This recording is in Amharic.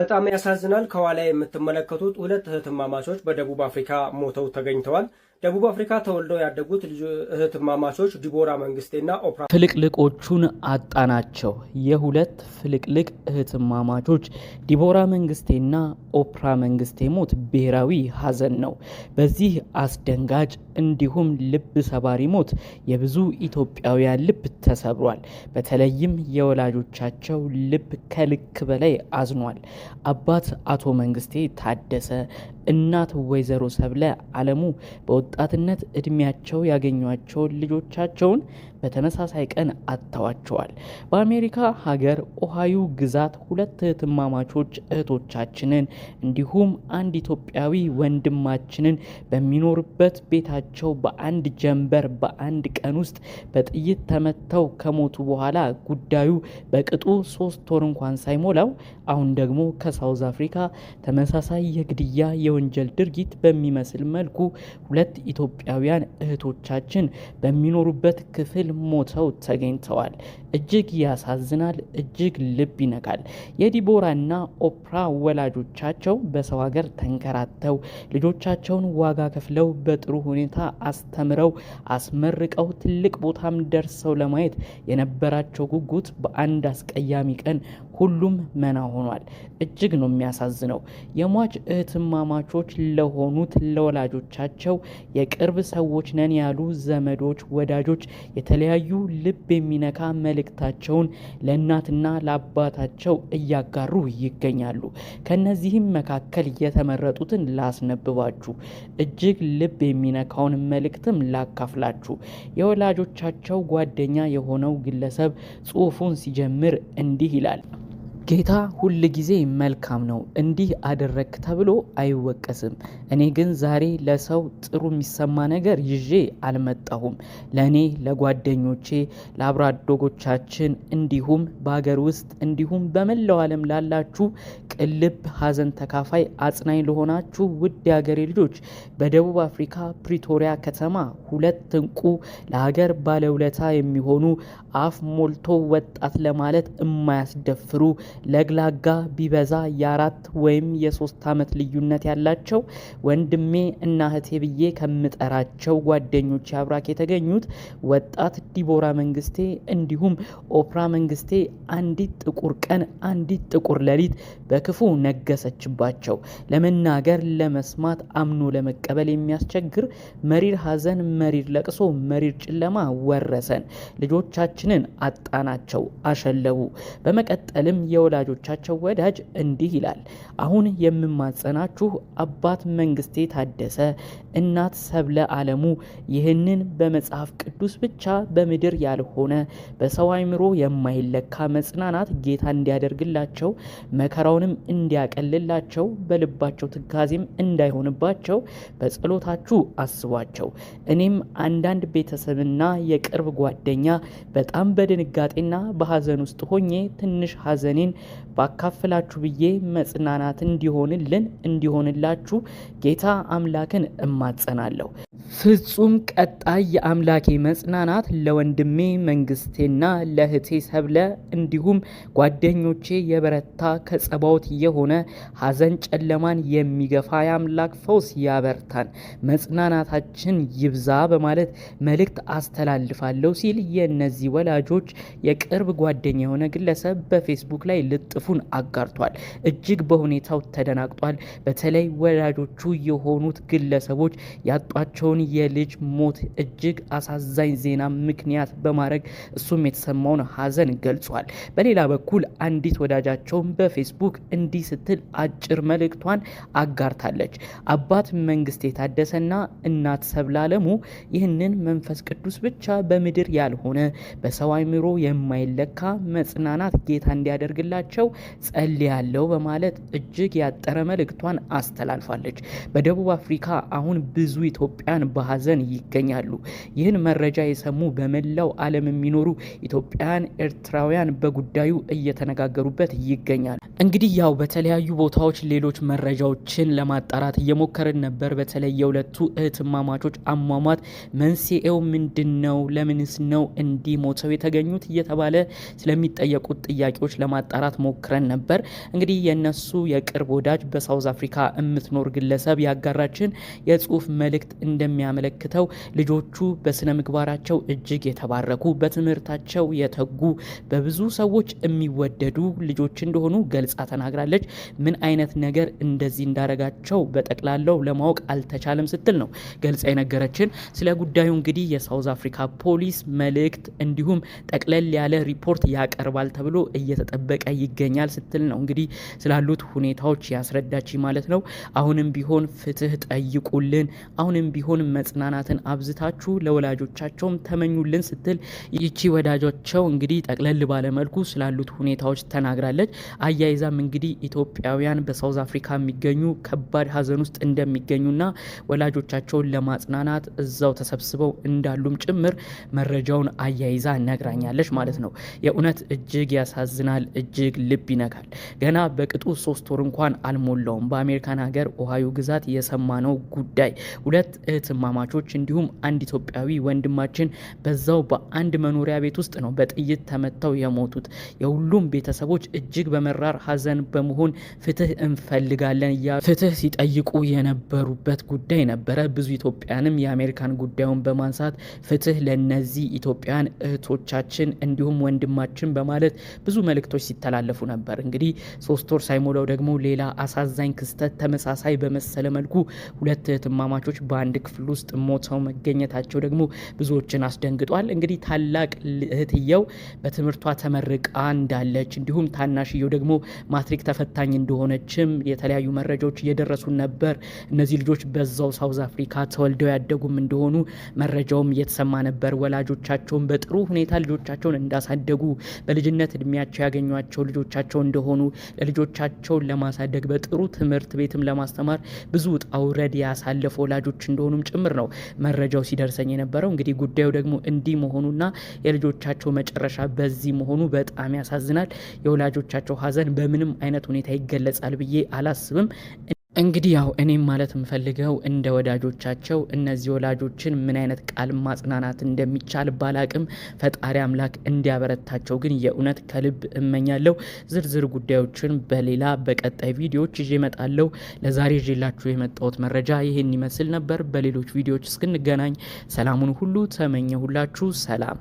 በጣም ያሳዝናል። ከኋላ የምትመለከቱት ሁለት እህትማማቾች በደቡብ አፍሪካ ሞተው ተገኝተዋል። ደቡብ አፍሪካ ተወልደው ያደጉት እህትማማቾች ዲቦራ መንግስቴና ኦፕራ ፍልቅልቆቹን አጣናቸው። የሁለት ፍልቅልቅ እህትማማቾች ዲቦራ መንግስቴና ኦፕራ መንግስቴ ሞት ብሔራዊ ሀዘን ነው። በዚህ አስደንጋጭ እንዲሁም ልብ ሰባሪ ሞት የብዙ ኢትዮጵያውያን ልብ ተሰብሯል። በተለይም የወላጆቻቸው ልብ ከልክ በላይ አዝኗል። አባት አቶ መንግስቴ ታደሰ፣ እናት ወይዘሮ ሰብለ አለሙ በወጣትነት እድሜያቸው ያገኟቸውን ልጆቻቸውን በተመሳሳይ ቀን አጥተዋቸዋል። በአሜሪካ ሀገር ኦሃዮ ግዛት ሁለት እህትማማቾች እህቶቻችንን እንዲሁም አንድ ኢትዮጵያዊ ወንድማችንን በሚኖርበት ቤታቸው በአንድ ጀንበር በአንድ ቀን ውስጥ በጥይት ተመተው ከሞቱ በኋላ ጉዳዩ በቅጡ ሶስት ወር እንኳን ሳይሞላው አሁን ደግሞ ከሳውዝ አፍሪካ ተመሳሳይ የግድያ የወንጀል ድርጊት በሚመስል መልኩ ሁለት ኢትዮጵያውያን እህቶቻችን በሚኖሩበት ክፍል ሞተው ተገኝተዋል። እጅግ ያሳዝናል። እጅግ ልብ ይነካል። የዲቦራና ኦፕራ ወላጆቻቸው በሰው ሀገር ተንከራተው ልጆቻቸውን ዋጋ ከፍለው በጥሩ ሁኔታ አስተምረው አስመርቀው ትልቅ ቦታም ደርሰው ለማየት የነበራቸው ጉጉት በአንድ አስቀያሚ ቀን ሁሉም መና ሆኗል። እጅግ ነው የሚያሳዝነው። የሟች እህትማማቾች ለሆኑት ለወላጆቻቸው የቅርብ ሰዎች ነን ያሉ ዘመዶች፣ ወዳጆች የተለያዩ ልብ የሚነካ መልእክታቸውን ለእናትና ለአባታቸው እያጋሩ ይገኛሉ። ከነዚህም መካከል የተመረጡትን ላስነብባችሁ፣ እጅግ ልብ የሚነካውን መልእክትም ላካፍላችሁ። የወላጆቻቸው ጓደኛ የሆነው ግለሰብ ጽሑፉን ሲጀምር እንዲህ ይላል። ጌታ ሁል ጊዜ መልካም ነው፣ እንዲህ አደረግክ ተብሎ አይወቀስም። እኔ ግን ዛሬ ለሰው ጥሩ የሚሰማ ነገር ይዤ አልመጣሁም። ለእኔ ለጓደኞቼ፣ ለአብሮ አደጎቻችን እንዲሁም በሀገር ውስጥ እንዲሁም በመላው ዓለም ላላችሁ ቅልብ ሐዘን ተካፋይ አጽናኝ ለሆናችሁ ውድ የሀገሬ ልጆች በደቡብ አፍሪካ ፕሪቶሪያ ከተማ ሁለት እንቁ ለሀገር ባለውለታ የሚሆኑ አፍ ሞልቶ ወጣት ለማለት የማያስደፍሩ ለግላጋ ቢበዛ የአራት ወይም የሶስት ዓመት ልዩነት ያላቸው ወንድሜ እና እህቴ ብዬ ከምጠራቸው ጓደኞች አብራክ የተገኙት ወጣት ዲቦራ መንግስቴ እንዲሁም ኦፕራ መንግስቴ አንዲት ጥቁር ቀን አንዲት ጥቁር ሌሊት በክፉ ነገሰችባቸው። ለመናገር ለመስማት፣ አምኖ ለመቀበል የሚያስቸግር መሪር ሐዘን፣ መሪር ለቅሶ፣ መሪር ጨለማ ወረሰን። ልጆቻችንን አጣናቸው፣ አሸለቡ። በመቀጠልም የ የወላጆቻቸው ወዳጅ እንዲህ ይላል። አሁን የምማጸናችሁ አባት መንግስቴ ታደሰ፣ እናት ሰብለ አለሙ ይህንን በመጽሐፍ ቅዱስ ብቻ በምድር ያልሆነ በሰው አይምሮ የማይለካ መጽናናት ጌታ እንዲያደርግላቸው መከራውንም እንዲያቀልላቸው በልባቸው ትካዜም እንዳይሆንባቸው በጸሎታችሁ አስቧቸው። እኔም አንዳንድ ቤተሰብና የቅርብ ጓደኛ በጣም በድንጋጤና በሐዘን ውስጥ ሆኜ ትንሽ ሐዘኔን ይህንን ባካፍላችሁ ብዬ መጽናናት እንዲሆንልን እንዲሆንላችሁ ጌታ አምላክን እማጸናለሁ። ፍጹም ቀጣይ የአምላኬ መጽናናት ለወንድሜ መንግስቴና ለእህቴ ሰብለ እንዲሁም ጓደኞቼ የበረታ ከጸባዖት የሆነ ሐዘን ጨለማን የሚገፋ የአምላክ ፈውስ ያበርታን፣ መጽናናታችን ይብዛ በማለት መልእክት አስተላልፋለሁ ሲል የእነዚህ ወላጆች የቅርብ ጓደኛ የሆነ ግለሰብ በፌስቡክ ላይ ላይ ልጥፉን አጋርቷል። እጅግ በሁኔታው ተደናግጧል። በተለይ ወላጆቹ የሆኑት ግለሰቦች ያጧቸውን የልጅ ሞት እጅግ አሳዛኝ ዜና ምክንያት በማድረግ እሱም የተሰማውን ሀዘን ገልጿል። በሌላ በኩል አንዲት ወዳጃቸውን በፌስቡክ እንዲህ ስትል አጭር መልእክቷን አጋርታለች። አባት መንግስት የታደሰና እናት ሰብላለሙ ይህንን መንፈስ ቅዱስ ብቻ በምድር ያልሆነ በሰው አይምሮ የማይለካ መጽናናት ጌታ እንዲያደርግልን እንዲሆንላቸው ጸልያለሁ በማለት እጅግ ያጠረ መልእክቷን አስተላልፋለች። በደቡብ አፍሪካ አሁን ብዙ ኢትዮጵያን በሀዘን ይገኛሉ። ይህን መረጃ የሰሙ በመላው ዓለም የሚኖሩ ኢትዮጵያን፣ ኤርትራውያን በጉዳዩ እየተነጋገሩበት ይገኛል። እንግዲህ ያው በተለያዩ ቦታዎች ሌሎች መረጃዎችን ለማጣራት እየሞከርን ነበር። በተለይ የሁለቱ እህትማማቾች አሟሟት መንስኤው ምንድን ነው? ለምንስ ነው እንዲህ ሞተው የተገኙት? እየተባለ ስለሚጠየቁት ጥያቄዎች ለማጣራት ለማጣራት ሞክረን ነበር። እንግዲህ የነሱ የቅርብ ወዳጅ በሳውዝ አፍሪካ የምትኖር ግለሰብ ያጋራችን የጽሁፍ መልእክት እንደሚያመለክተው ልጆቹ በስነ ምግባራቸው እጅግ የተባረኩ፣ በትምህርታቸው የተጉ፣ በብዙ ሰዎች የሚወደዱ ልጆች እንደሆኑ ገልጻ ተናግራለች። ምን አይነት ነገር እንደዚህ እንዳረጋቸው በጠቅላላው ለማወቅ አልተቻለም ስትል ነው ገልጻ የነገረችን። ስለ ጉዳዩ እንግዲህ የሳውዝ አፍሪካ ፖሊስ መልእክት እንዲሁም ጠቅለል ያለ ሪፖርት ያቀርባል ተብሎ እየተጠበቀ ላይ ይገኛል ስትል ነው እንግዲህ ስላሉት ሁኔታዎች ያስረዳች ማለት ነው። አሁንም ቢሆን ፍትህ ጠይቁልን፣ አሁንም ቢሆን መጽናናትን አብዝታችሁ ለወላጆቻቸውም ተመኙልን ስትል ይቺ ወዳጆቸው እንግዲህ ጠቅለል ባለመልኩ ስላሉት ሁኔታዎች ተናግራለች። አያይዛም እንግዲህ ኢትዮጵያውያን በሳውዝ አፍሪካ የሚገኙ ከባድ ሀዘን ውስጥ እንደሚገኙና ወላጆቻቸውን ለማጽናናት እዛው ተሰብስበው እንዳሉም ጭምር መረጃውን አያይዛ ነግራኛለች ማለት ነው። የእውነት እጅግ ያሳዝናል እጅግ እጅግ ልብ ይነካል። ገና በቅጡ ሶስት ወር እንኳን አልሞላውም በአሜሪካን ሀገር ኦሃዮ ግዛት የሰማነው ጉዳይ ሁለት እህትማማቾች እንዲሁም አንድ ኢትዮጵያዊ ወንድማችን በዛው በአንድ መኖሪያ ቤት ውስጥ ነው በጥይት ተመተው የሞቱት። የሁሉም ቤተሰቦች እጅግ በመራር ሀዘን በመሆን ፍትህ እንፈልጋለን እያ ፍትህ ሲጠይቁ የነበሩበት ጉዳይ ነበረ። ብዙ ኢትዮጵያንም የአሜሪካን ጉዳዩን በማንሳት ፍትህ ለነዚህ ኢትዮጵያን እህቶቻችን እንዲሁም ወንድማችን በማለት ብዙ መልእክቶች ሲተላለፉ ነበር። እንግዲህ ሶስት ወር ሳይሞላው ደግሞ ሌላ አሳዛኝ ክስተት ተመሳሳይ በመሰለ መልኩ ሁለት እህትማማቾች በአንድ ክፍል ውስጥ ሞተው መገኘታቸው ደግሞ ብዙዎችን አስደንግጧል። እንግዲህ ታላቅ እህትየው በትምህርቷ ተመርቃ እንዳለች እንዲሁም ታናሽየው ደግሞ ማትሪክ ተፈታኝ እንደሆነችም የተለያዩ መረጃዎች እየደረሱን ነበር። እነዚህ ልጆች በዛው ሳውዝ አፍሪካ ተወልደው ያደጉም እንደሆኑ መረጃውም እየተሰማ ነበር። ወላጆቻቸውን በጥሩ ሁኔታ ልጆቻቸውን እንዳሳደጉ በልጅነት እድሜያቸው ያገኟቸው ያላቸው ልጆቻቸው እንደሆኑ ልጆቻቸውን ለማሳደግ በጥሩ ትምህርት ቤትም ለማስተማር ብዙ ውጣ ውረድ ያሳለፉ ወላጆች እንደሆኑም ጭምር ነው መረጃው ሲደርሰኝ የነበረው። እንግዲህ ጉዳዩ ደግሞ እንዲህ መሆኑና የልጆቻቸው መጨረሻ በዚህ መሆኑ በጣም ያሳዝናል። የወላጆቻቸው ሀዘን በምንም አይነት ሁኔታ ይገለጻል ብዬ አላስብም። እንግዲህ ያው እኔም ማለት የምፈልገው እንደ ወዳጆቻቸው እነዚህ ወላጆችን ምን አይነት ቃል ማጽናናት እንደሚቻል ባላቅም ፈጣሪ አምላክ እንዲያበረታቸው ግን የእውነት ከልብ እመኛለሁ። ዝርዝር ጉዳዮችን በሌላ በቀጣይ ቪዲዮዎች ይዤ እመጣለሁ። ለዛሬ ይዤላችሁ የመጣሁት መረጃ ይህን ይመስል ነበር። በሌሎች ቪዲዮዎች እስክንገናኝ ሰላሙን ሁሉ ተመኘሁላችሁ። ሰላም